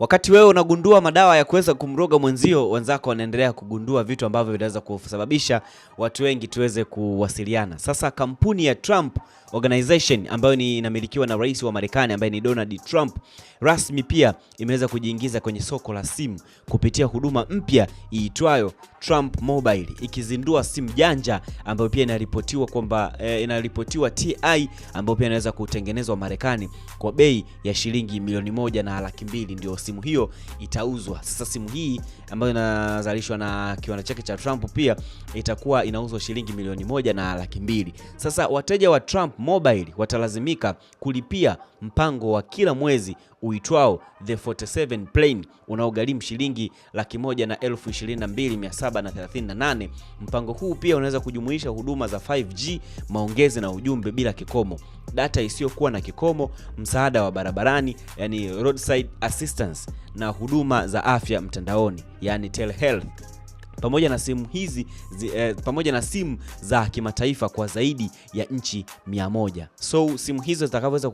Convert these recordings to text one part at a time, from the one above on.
Wakati wewe unagundua madawa ya kuweza kumroga mwenzio, wenzako wanaendelea kugundua vitu ambavyo vinaweza kusababisha watu wengi tuweze kuwasiliana. Sasa kampuni ya Trump Organization ambayo ni inamilikiwa na rais wa Marekani ambaye ni Donald Trump rasmi pia imeweza kujiingiza kwenye soko la simu kupitia huduma mpya iitwayo Trump Mobile, ikizindua simu janja ambayo pia inaripotiwa kwamba eh, inaripotiwa TI ambayo pia inaweza kutengenezwa Marekani kwa bei ya shilingi milioni moja na laki mbili ndio simu hiyo itauzwa. Sasa simu hii ambayo inazalishwa na kiwanda chake cha Trump pia itakuwa inauzwa shilingi milioni moja na laki mbili. Sasa wateja wa Trump Mobile watalazimika kulipia mpango wa kila mwezi uitwao The 47 plane unaogharimu shilingi laki moja na elfu ishirini na mbili mia saba na thelathini na nane. Mpango huu pia unaweza kujumuisha huduma za 5G, maongezi na ujumbe bila kikomo, data isiyokuwa na kikomo, msaada wa barabarani, yani roadside assistance, na huduma za afya mtandaoni, yani telehealth pamoja na simu hizi zi, eh, pamoja na simu za kimataifa kwa zaidi ya nchi 100. So simu hizo zitakavyoweza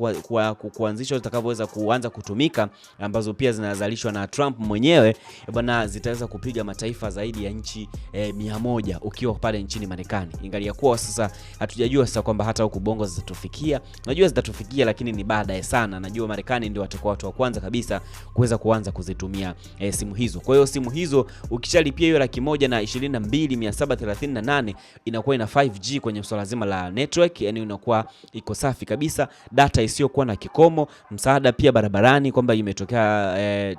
kuanzishwa, zitakavyoweza kuanza kutumika, ambazo pia zinazalishwa na Trump mwenyewe eh, bwana, zitaweza kupiga mataifa zaidi ya nchi eh, 100 ukiwa pale nchini Marekani. Ingalia kuwa sasa hatujajua sasa kwamba hata huku Bongo zitatufikia. Najua zitatufikia, lakini ni baadaye sana. Najua Marekani ndio watakuwa watu wa kwanza kabisa kuweza kuanza kuzitumia eh, simu hizo. Kwa hiyo simu hizo ukishalipia hiyo laki moja 12738 inakuwa ina 5G kwenye swala zima la network, yani inakuwa iko safi kabisa, data isiyokuwa na kikomo, msaada pia barabarani kwamba imetokea eh,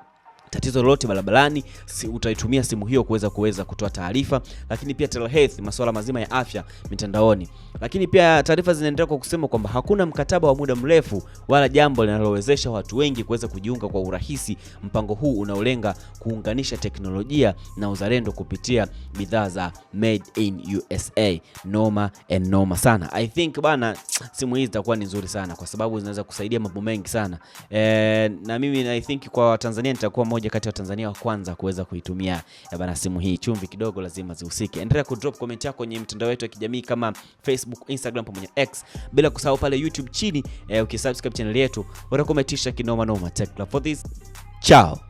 tatizo lolote barabarani, si utaitumia simu hiyo kuweza kuweza kutoa taarifa, lakini pia telehealth, masuala mazima ya afya mitandaoni. Lakini pia taarifa zinaendelea kwa kusema kwamba hakuna mkataba wa muda mrefu wala jambo linalowezesha watu wengi kuweza kujiunga kwa urahisi mpango huu unaolenga kuunganisha teknolojia na uzalendo kupitia bidhaa za made in USA. Noma and noma sana. I think bana, simu hizi zitakuwa ni nzuri sana kwa sababu zinaweza kusaidia mambo mengi sana e, na mimi I think kwa Tanzania nitakuwa mmoja kati ya Watanzania wa kwanza kuweza kuitumia bana simu hii. Chumvi kidogo lazima zihusike. Endelea drop comment yako kwenye mtandao wetu wa kijamii kama Facebook, Instagram pamoja X, bila kusahau pale YouTube chini eh, ukisubscribe channel yetu utakometisha kinoma noma. Take for this. Ciao.